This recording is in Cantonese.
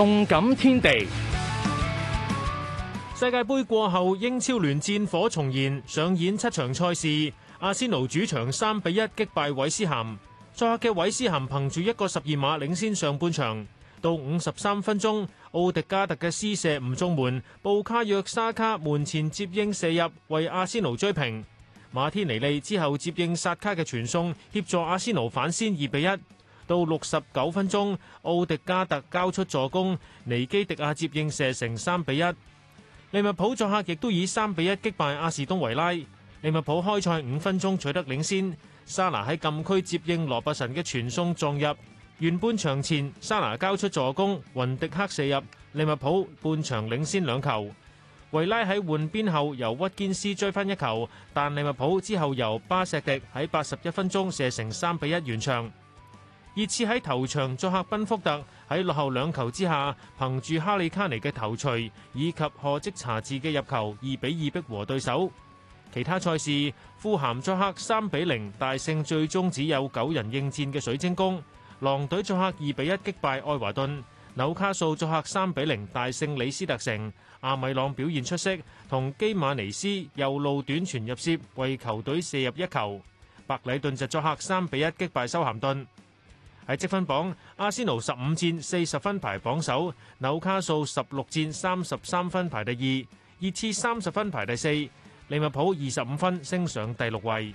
動感天地，世界盃過後，英超聯戰火重燃，上演七場賽事。阿仙奴主場三比一擊敗韋斯咸，作客嘅韋斯咸憑住一個十二碼領先上半場，到五十三分鐘，奧迪加特嘅施射唔中門，布卡約沙卡門前接應射入為阿仙奴追平，馬天尼利，利之後接應沙卡嘅傳送，協助阿仙奴反先二比一。到六十九分鐘，奧迪加特交出助攻，尼基迪亞接應射成三比一。利物浦作客亦都以三比一擊敗阿士東維拉。利物浦開賽五分鐘取得領先，沙拿喺禁區接應羅拔臣嘅傳送撞入。完半場前，沙拿交出助攻，雲迪克射入，利物浦半場領先兩球。維拉喺換邊後由屈堅斯追翻一球，但利物浦之後由巴錫迪喺八十一分鐘射成三比一完場。熱刺喺頭場作客賓福特喺落後兩球之下，憑住哈利卡尼嘅頭槌以及賀積查治嘅入球，二比二逼和對手。其他賽事，富咸作客三比零大勝最終只有九人應戰嘅水晶宮；狼隊作客二比一擊敗愛華頓；紐卡素作客三比零大勝李斯特城。阿米朗表現出色，同基馬尼斯右路短傳入攝為球隊射入一球。白禮頓就作客三比一擊敗修咸頓。喺積分榜，阿仙奴十五戰四十分排榜首，紐卡素十六戰三十三分排第二，熱刺三十分排第四，利物浦二十五分升上第六位。